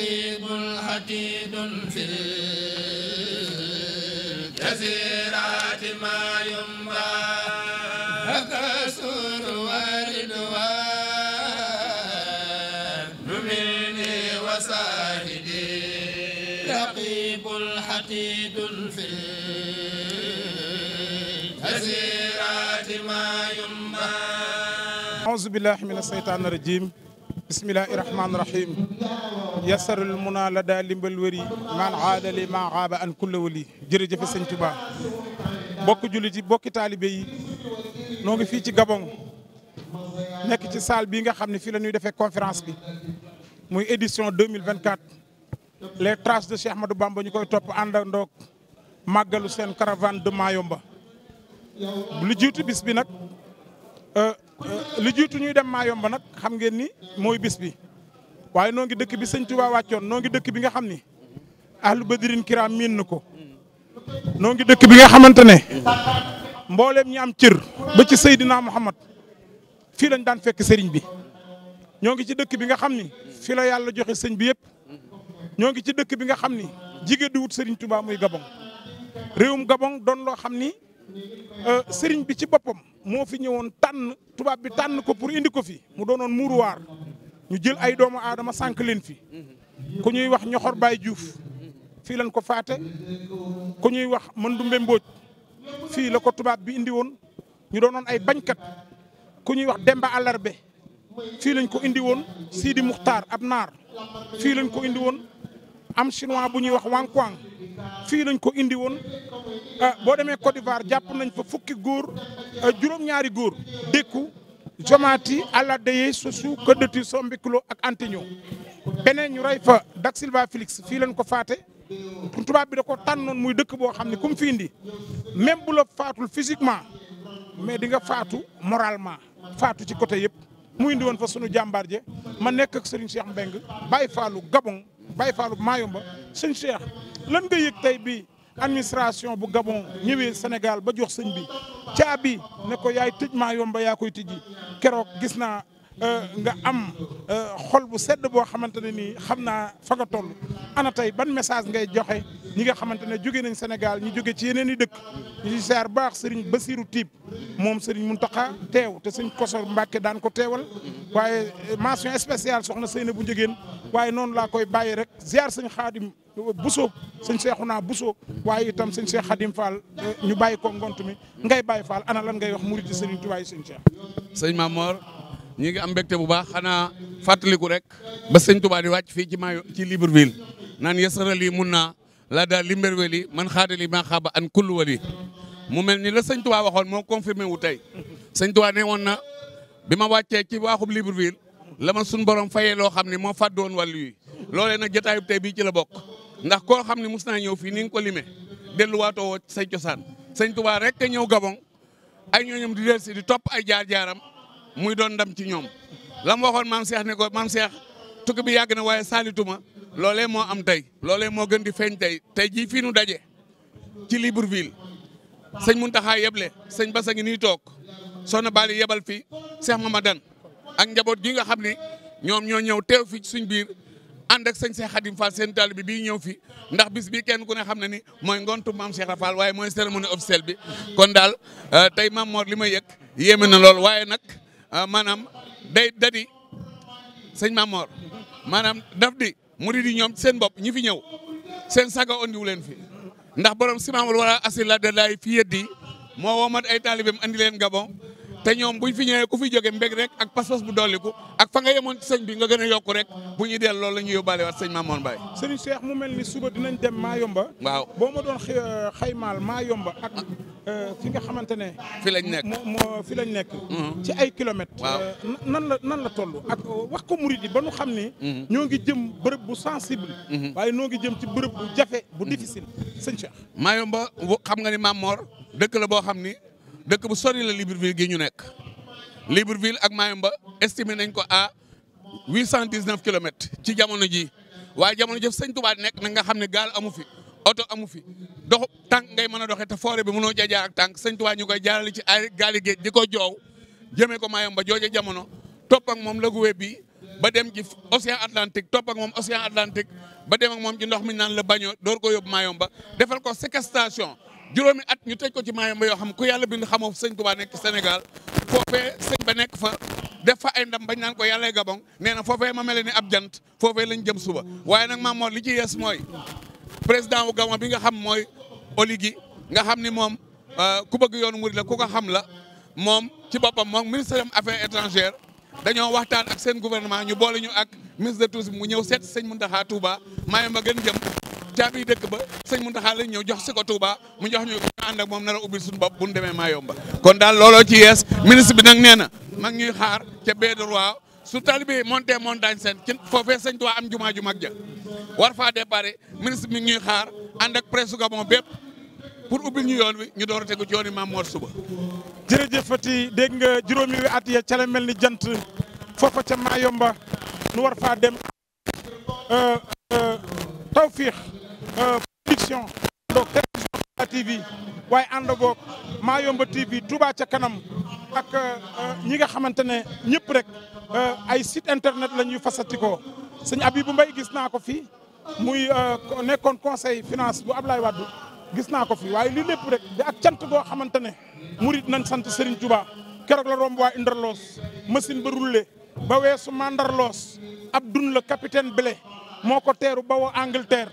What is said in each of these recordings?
الرقيب الحديد في الجزيرات ما يمرى هذا سور وردوان مني وساهدي رقيب الحديد في الجزيرات ما يمرى أعوذ بالله من الشيطان الرجيم bismillahi rahmaani rahim yasarul muna la daa limbal wëri man aadali ma xaaba an kulla wali jërëjëfe sëñ Tuba bokk jullit yi bokki taalibe yi noo fii ci Gabon nekk ci salle bii nga xam ne fii la ñuy defee conférence bi muy édition 2024 les traces de Cheikh Ahmadou Bamba ñu koy topp àndandoog màggalu seen caravane de Mayumba lu jiitu bis euh, Euh, lu jiitu ñuy dem maa yomb nag xam ngeen ni mooy bis bi waaye noo ngi dëkk bi sëñ Tuubaa wàccoon noo ngi dëkk bi nga xam ni ahlu badirin kiraam miin na ko noo dëkk bi nga xamante ne mbooleem ñi am cër ba ci Seydina Muhammad fii lañ daan fekk sëriñ bi ñoo ngi ci dëkk bi nga xam ni fii la yàlla joxe sëñ bi yëpp ñoo ngi ci dëkk bi nga xam ni jigéen di wut sëriñ tubaa muy Gabon réewum Gabon doon loo xam ni Euh, sëriñ bi ci boppam moo fi ñëwoon tànn tubaab bi tànn ko pour indi ko fi mu doonoon muuruwaar ñu jël ay doomu aadama sànq leen fi ku ñuy wax ñoxor Baye juuf fii lañ ko faate ku ñuy wax Mandumbe Mbóoj fii la ko tubaab bi indi woon ñu doon doonoon ay bañkat ku ñuy wax Demba Allarbe fii lañ ko indi woon Sidi Muxtaar ab naar fii lañ ko indi woon am chinois bu ñuy wax wankwang fii lañ ko indi woon ah, boo demee Côte d'Ivoire jàpp nañ fa fukki góor ah, juróom-ñaari góor dékku jomaati àlladeye susu këddati sombikulo ak antiño beneen ñu rey fa Dax Silva Félix fii lañ ko faate tubaab bi da ko tànnoon muy dëkk boo xam ne ku fii indi même bu faatul physiquement mais di nga faatu moralement faatu ci côté yëpp mu indi woon fa sunu jàmbaar je ma nekk ak Serigne Cheikh Mbengue bàyyi faalu Gabon Baye Fallou Mayumba sëñ Cheikh lan nga yëg tey bi administration bu Gabon ñëwee Sénégal ba jox sëñ bi caabi ne ko yaay tëj yomba yaa koy tijji keroog gis naa euh, nga am euh, xol bu sedd boo xamante ne nii xam naa fa nga toll ana tey ban message ngay joxe ñi nga xamante ne jóge nañ Sénégal ñu jóge ci yeneen i dëkk ñu ci saar baax sëriñ Basiru Tiib moom sëriñ Muntaxa teew te sëñ Kosor Mbàkke daan ko teewal waaye euh, mention spéciale soxna seene bu njëgeen waaye noonu laa koy bàyyi rek ziar sëñ xaadim Bousso sëñ Seexuna Bousso waaye itam sëñ Seex Xaadim Fall ñu bàyyi ko ngont mi ngay bàyyi Fall ana lan ngay wax murid di sëriñ Tuubaa sëñ Seex ma Mamor ñi ngi am mbégte bu baax xanaa fàttaliku rek ba sëñ Tuubaa di wàcc fii ci maayo ci Libreville naan yesaral yi mun naa laa daal limberweli man xaadali ma xaaba an kullu wali mu mel ni la sëñ Tuubaa waxoon moo confirmé wu tey sëñ Tuubaa ne woon na bi ma wàccee ci waaxub Libreville la ma borom fayee loo xam ne moo fàddoon wàllu yi loolee nag jotaayu tey bii ci la bokk ndax koo xam ne mos naa ñëw fii ni nga ko limee delluwaatoo woo say cosaan sëñ Tuubaa rek te ñëw Gabon ay ñooñam di dellusi di topp ay jaar-jaaram muy doon ndam ci ñoom la waxoon maam seex ne ko maam Cheikh tukki bi yàgg na waaye saalituma loolee moo am tey loole moo gën di feeñ tey tey jii fii nu daje ci libre Libreville sëñ Muntaxa yeble sëñ Basa ngi nii toog soxna Bali yebal fi Cheikh Mamadan ak njaboot gi nga xam ni ñoom ñoo ñëw teew fi suñ biir ànd ak sëñ Cheikh Khadim Fall seen taalibe bi bii ñëw fi ndax bis bi kenn ku ne xam ne ni mooy ngontu maam Cheikh Fall waaye mooy cérémonie officielle bi kon daal euh, tey maam Mor li ma yëg yéeme na lool waaye nag euh, maanaam day dadi sëñ maam Mor maanaam daf di murid yi ñoom seen bopp ñi fi ñëw seen saga andiwu leen fi ndax borom simaamul wala asila de laay fi yeddi moo woomat ay taalibeem andi leen Gabon te ñoom buñ fi ñëwee ku fi jóge mbeg rek ak pas-pas bu dolliku ak fa nga yemoon ci sëñ bi nga gën a yokku rek bu ñuy del loolu la ñuy yóbbaale waat sëñ Mamoon Baye sëñ Cheikh mu mel ni suba dinañ dem maa yomba waaw boo ma doon euh, xaymaal yomba ak euh, fi nga xamante ne fi lañ nekk moo fi lañ nekk mm-hmm. ci ay kilomètres waaw euh, nan la nan la toll ak wax ko murid yi ba nu xam ni mm-hmm. ñoo ngi jëm bërëb bu sensible mm-hmm. waaye noo ngi jëm ci bërëb bu jafe bu difficile sëñ Cheikh Mayumba xam nga ni mamoor dëkk la boo xam ni dëkk bu sori la Libreville gi ñu nekk Libreville ak Mayumba estimé nañ ko à huit cent dix neuf kilomètres ci jamono ji waaye jamono jëf sëñ Tuubaa nekk na nga xam ne gaal amu fi oto amu fi dox tànk ngay mën a doxee te foore bi mënoo jajaar ak tànk sëñ Tuubaa ñu koy jaarale ci ay gaali géej di ko joow jëmee ko Mayumba jooja jamono topp ak moom laguwe bi ba dem ci océan Atlantique topp ak moom océan Atlantique ba dem ak moom ci ndox mi naan la bañoo door ko yóbbu Mayumba defal ko séquestration juróomi at ñu tëj ko ci Mayumba yoo xam ku yàlla bind xamoo sëñ Touba nekk Sénégal foofee sëñ ba nekk fa def fa ay ndam bañ naan ko yàlla gabon nee na foofee ma mel ni ab jant foofee lañ jëm suba waaye nag maam moor li ci yees mooy président wu gabon bi nga xam mooy Oligui nga xam ni moom euh, ku bëgg yoonu murid la ku ko xam la moom ci boppam moom ministre des affaires étrangères dañoo waxtaan ak seen gouvernement ñu boole ñu ak ministre de tourisme mu ñëw seet sëñ Mountakha Touba Mayumba gën jëm caabi dëkk ba sëñ Muntaxa lañ ñëw jox si ko Touba mu jox ñu ànd ak moom nar a ubbil suñu bopp bu ñu demee Mayomba kon daal looloo ci yees ministre bi nag nee mag ñuy xaar ca Baie-de-Roi su talibé monté montagne seen ci foofee sëñ Touba am jumaa ju mag ja war faa ñu yoon wi ñu door a tegu ci yoon yi Maam Mor suba jërëjëf Fati dégg nga juróomi wi at ya ca la mel ni jant foofa ca Mayomba nu war faa dem euh, euh, tawfiix production euh, donc télévision waaye ànd boog maa yomba TV Touba ca kanam ak euh, ñi nga xamante ne ñëpp rek euh, ay sit internet la ñuy fasatikoo sëñ bu Mbaye gis naa ko fi muy nekkoon conseil finance bu Ablaye Wade gis naa ko fi waaye lii lépp rek di ak cant goo xamante ne murit nañ sant Serigne Touba keroog la romb waa Indarloos machine ba rulle ba weesu Mandarloos Abdoun la capitaine Blé moo ko teeru ba woo Angleterre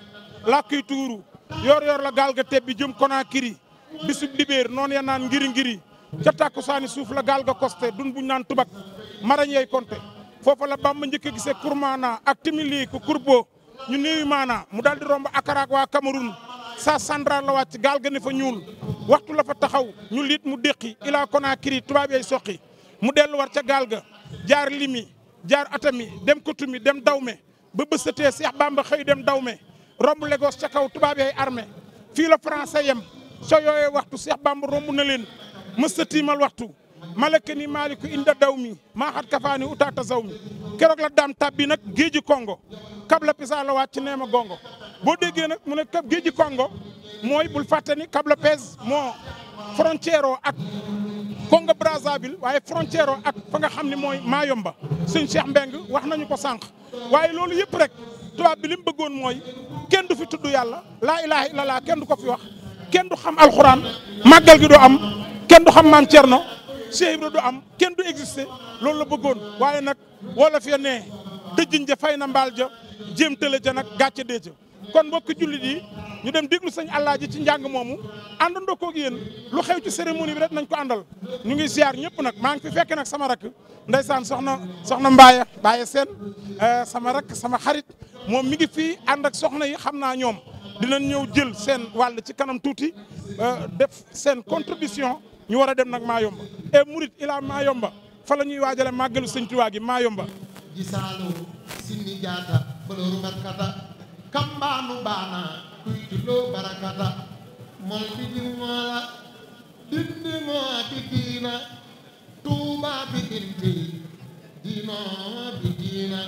làkk yi tuuru yor yor la gaal ga tebbi jëm Conakry bisub dibéer noonu ya naan ngiri ngiri ca tàkkusaani suuf la gaal ga costé dun buñ naan tubak marañ yey konté foofa la Bamba njëkk a gisee kurmaana ak timili ku kurbo ñu néewi maana mu daal di romb akaraak waa Cameroun sa sandra la wàcc gaal ga ne fa ñuul waxtu la fa taxaw ñu liit mu déqi ilaa Conakry tubaab yay soqi mu dellu war ca gaal ga jaar limi jaar atami dem kotumi dem dawme ba bësatee Seex Bamba xëy dem dawme romb Lagos ca kaw tubaab yi armée fii la français yem soo yooyee waxtu Cheikh Bamba romb na leen mësta tiimal waxtu malaka ni maaliku inda daw mi maaxat kafaani utaata zaw mi keroog la daam tàbbi nag géeji Congo kab la ci la wàcc neema gongo boo déggee nag mu ne kab géeji Congo mooy bul fàtte ni kab moo frontière ak Congo Brazzaville waaye frontière ak fa nga xam ne mooy Mayomba suñ Cheikh Mbeng wax nañu ko sànq waaye loolu yëpp rek tubaab bi li mu bëggoon mooy kenn du fi tudd yàlla laa ilaha illallah kenn du ko fi wax kenn du xam alxuraan màggal gi du am kenn du xam maam Cerno Cheikh Ibra du am kenn du existé loolu la bëggoon waaye nag wala fi ne dëjjiñ ja fay na mbaal ja jéem tële nag gàcce dee ja kon mbokki jullit yi ñu dem déglu sëñ Alaaji ci njàng moomu àndandoo koog yéen lu xew ci cérémonie bi rek nañ ko àndal ñu ngi ziar ñëpp nag maa ngi fi fekk nag sama rakk ndeysaan soxna soxna Mbaye Mbaye Sène eh, sama rakk sama xarit moom mi ngi fii ànd ak soxna yi xam naa ñoom dinañ ñëw jël seen wàll ci kanam tuuti euh, def seen contribution ñu war a dem nag Mayumba et Murit ilaa Mayumba fa la ñuy waajale màggalu Sëñ Tuubaa gi Mayumba gisaalu sinni jaata baloru barkata kambaanu baana kuy tulloo barakata moom bi diw moo dindi moo di diina tuubaa bi inti diinoo bi diina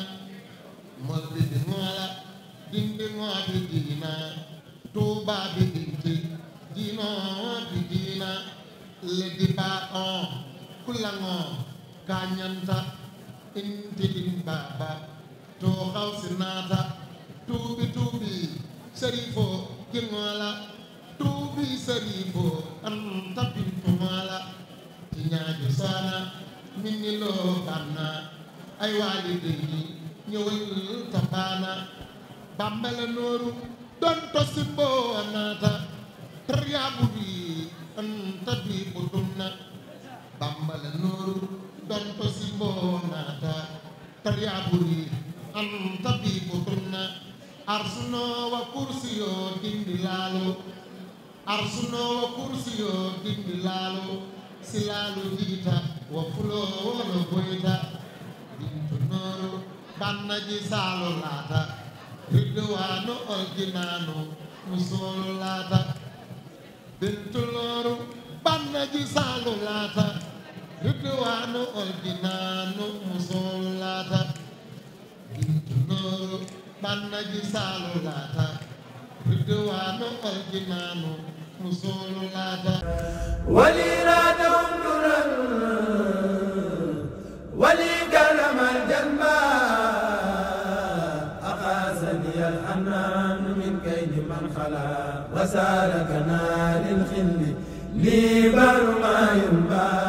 la dindi ngooti diina Touba bi dinti diinooti diina leddi baa on kulangoon kaa ñanta inti in baaba too xaw si tuubi tuubi sariifoo ki ngoo tuubi sariifoo anta bintu ngoo ti ñaaji minni loo banna ay waali dindi ñowoyl to mbana bammele nooru ɗon naata taryaɓuɗi on tabibo ɗumna bammele nooru ɗon to simbo naata taryaɓuɗi on tabibo ɗumna arsunowa kursi yo dindi laalo arsunowa kursi yo dindi laalo si laalo jiita wo fulowo no bannaji saalu laata ridduwaanu orjinaanu musoolu laata bintuloru bannaji saalu laata ridduwaanu orjinaanu musoolu laata bintuloru bannaji saalu laata ridduwaanu orjinaanu musoolu laata wali laata الخلا وسالكنا للخل لي بر ما ينبغي